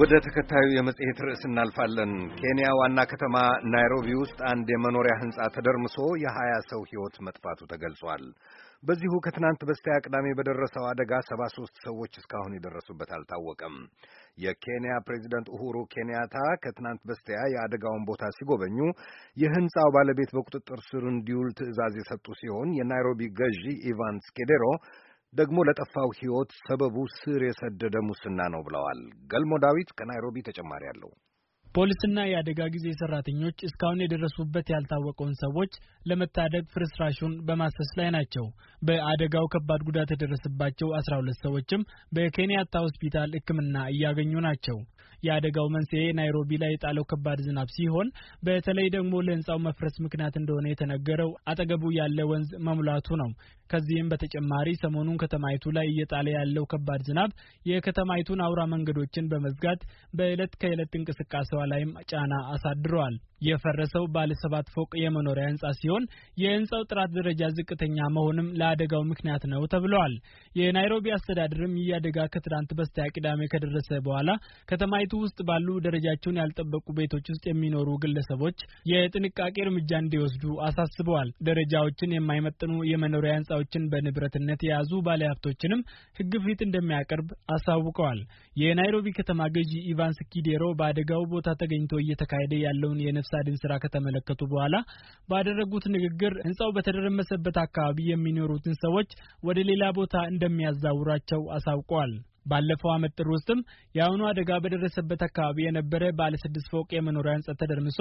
ወደ ተከታዩ የመጽሔት ርዕስ እናልፋለን። ኬንያ ዋና ከተማ ናይሮቢ ውስጥ አንድ የመኖሪያ ሕንፃ ተደርምሶ የሀያ ሰው ሕይወት መጥፋቱ ተገልጿል። በዚሁ ከትናንት በስቲያ ቅዳሜ በደረሰው አደጋ ሰባ ሦስት ሰዎች እስካሁን የደረሱበት አልታወቀም። የኬንያ ፕሬዚደንት ኡሁሩ ኬንያታ ከትናንት በስቲያ የአደጋውን ቦታ ሲጎበኙ የሕንፃው ባለቤት በቁጥጥር ስር እንዲውል ትዕዛዝ የሰጡ ሲሆን የናይሮቢ ገዢ ኢቫንስ ስኬዴሮ ደግሞ ለጠፋው ሕይወት ሰበቡ ስር የሰደደ ሙስና ነው ብለዋል። ገልሞ ዳዊት ከናይሮቢ ተጨማሪ አለው። ፖሊስና የአደጋ ጊዜ ሰራተኞች እስካሁን የደረሱበት ያልታወቀውን ሰዎች ለመታደግ ፍርስራሹን በማሰስ ላይ ናቸው። በአደጋው ከባድ ጉዳት የደረሰባቸው አስራ ሁለት ሰዎችም በኬንያታ ሆስፒታል ሕክምና እያገኙ ናቸው። የአደጋው መንስኤ ናይሮቢ ላይ የጣለው ከባድ ዝናብ ሲሆን በተለይ ደግሞ ለህንፃው መፍረስ ምክንያት እንደሆነ የተነገረው አጠገቡ ያለ ወንዝ መሙላቱ ነው። ከዚህም በተጨማሪ ሰሞኑን ከተማይቱ ላይ እየጣለ ያለው ከባድ ዝናብ የከተማይቱን አውራ መንገዶችን በመዝጋት በዕለት ከዕለት እንቅስቃሴዋ ላይም ጫና አሳድረዋል። የፈረሰው ባለ ሰባት ፎቅ የመኖሪያ ህንጻ ሲሆን የህንጻው ጥራት ደረጃ ዝቅተኛ መሆንም ለአደጋው ምክንያት ነው ተብለዋል። የናይሮቢ አስተዳደርም ይህ አደጋ ከትናንት በስቲያ ቅዳሜ ከደረሰ በኋላ ከተማይቱ ውስጥ ባሉ ደረጃቸውን ያልጠበቁ ቤቶች ውስጥ የሚኖሩ ግለሰቦች የጥንቃቄ እርምጃ እንዲወስዱ አሳስበዋል። ደረጃዎችን የማይመጥኑ የመኖሪያ ህንጻዎች ቦታዎችን በንብረትነት የያዙ ባለሀብቶችንም ህግ ፊት እንደሚያቀርብ አሳውቀዋል። የናይሮቢ ከተማ ገዢ ኢቫን ስኪዴሮ በአደጋው ቦታ ተገኝቶ እየተካሄደ ያለውን የነፍስ አድን ስራ ከተመለከቱ በኋላ ባደረጉት ንግግር ህንፃው በተደረመሰበት አካባቢ የሚኖሩትን ሰዎች ወደ ሌላ ቦታ እንደሚያዛውራቸው አሳውቀዋል። ባለፈው ዓመት ጥር ውስጥም የአሁኑ አደጋ በደረሰበት አካባቢ የነበረ ባለ ስድስት ፎቅ የመኖሪያ ህንጻ ተደርምሶ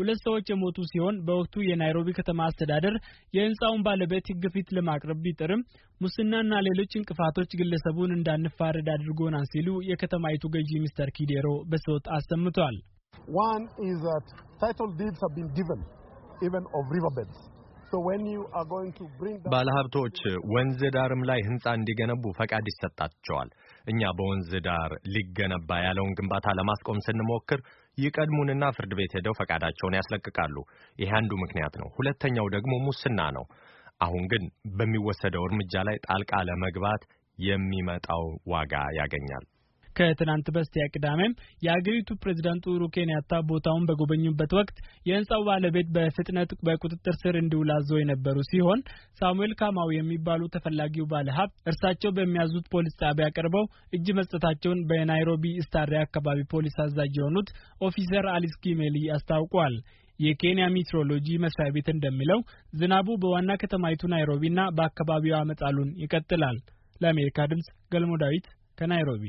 ሁለት ሰዎች የሞቱ ሲሆን በወቅቱ የናይሮቢ ከተማ አስተዳደር የህንጻውን ባለቤት ህግ ፊት ለማቅረብ ቢጥርም ሙስናና ሌሎች እንቅፋቶች ግለሰቡን እንዳንፋረድ አድርጎናል ሲሉ የከተማይቱ ገዢ ሚስተር ኪዴሮ በስወት አሰምቷል። ባለሀብቶች ወንዝ ዳርም ላይ ህንፃ እንዲገነቡ ፈቃድ ይሰጣቸዋል። እኛ በወንዝ ዳር ሊገነባ ያለውን ግንባታ ለማስቆም ስንሞክር ይቀድሙንና ፍርድ ቤት ሄደው ፈቃዳቸውን ያስለቅቃሉ። ይሄ አንዱ ምክንያት ነው። ሁለተኛው ደግሞ ሙስና ነው። አሁን ግን በሚወሰደው እርምጃ ላይ ጣልቃ ለመግባት የሚመጣው ዋጋ ያገኛል። ከትናንት በስቲያ ቅዳሜም የአገሪቱ ፕሬዚዳንት ኡሁሩ ኬንያታ ቦታውን በጎበኙበት ወቅት የህንፃው ባለቤት በፍጥነት በቁጥጥር ስር እንዲውል አዘው የነበሩ ሲሆን ሳሙኤል ካማው የሚባሉ ተፈላጊው ባለሀብት እርሳቸው በሚያዙት ፖሊስ ጣቢያ ቀርበው እጅ መስጠታቸውን በናይሮቢ ስታሪያ አካባቢ ፖሊስ አዛዥ የሆኑት ኦፊሰር አሊስ ኪሜሊ አስታውቋል። የኬንያ ሚትሮሎጂ መስሪያ ቤት እንደሚለው ዝናቡ በዋና ከተማይቱ ናይሮቢና በአካባቢዋ መጣሉን ይቀጥላል። ለአሜሪካ ድምጽ ገልሞ ዳዊት ከናይሮቢ